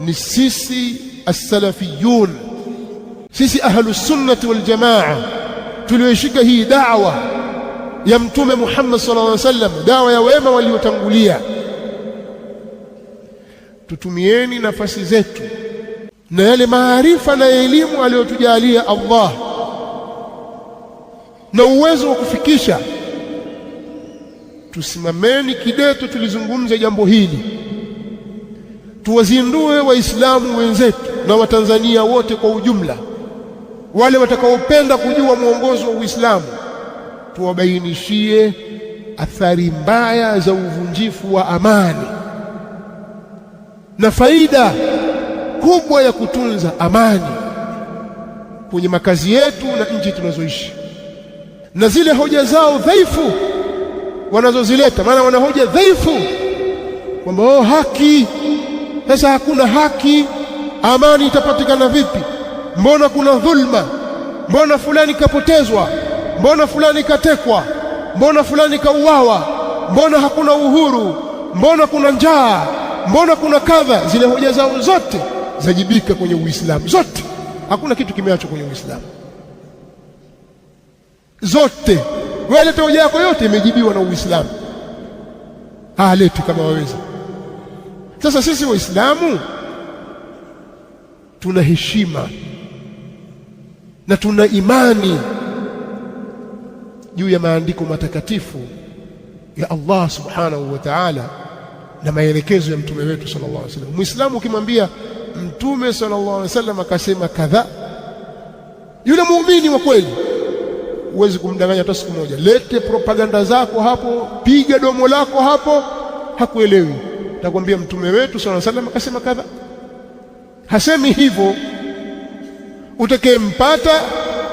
ni sisi as sisi ahlusunnati waljamaa tulioishika hii dawa ya Mtume Muhammad sallallahu alaihi wasallam, dawa ya wema waliotangulia. Tutumieni nafasi zetu na yale maarifa na elimu aliyotujalia Allah na uwezo wa kufikisha, tusimameni kidete, tulizungumze jambo hili tuwazindue Waislamu wenzetu na Watanzania wote kwa ujumla, wale watakaopenda kujua mwongozo wa Uislamu, tuwabainishie athari mbaya za uvunjifu wa amani na faida kubwa ya kutunza amani kwenye makazi yetu na nchi tunazoishi, na zile hoja zao dhaifu wanazozileta, maana wana hoja dhaifu kwamba oh, haki sasa hakuna haki, amani itapatikana vipi? Mbona kuna dhulma? Mbona fulani kapotezwa? Mbona fulani katekwa? Mbona fulani kauawa? Mbona hakuna uhuru? Mbona kuna njaa? Mbona kuna kadha? Zile hoja zao zote zajibika kwenye Uislamu, zote, hakuna kitu kimeachwa kwenye Uislamu, zote. Wewe leta hoja yako yote, imejibiwa na Uislamu. Aleti kama waweza sasa sisi Waislamu tuna heshima na tuna imani juu ya maandiko matakatifu ya Allah subhanahu wa ta'ala na maelekezo ya mtume wetu sallallahu alaihi wasallam. Muislamu ukimwambia mtume sallallahu alaihi wasallam akasema kadha, yule muumini wa kweli huwezi kumdanganya hata siku moja. Lete propaganda zako hapo, piga domo lako hapo, hakuelewi nakwambia mtume wetu sala alaihi akasema kadha. Hasemi hivyo, utakayempata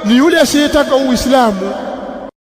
ni yule asiyetaka Uislamu.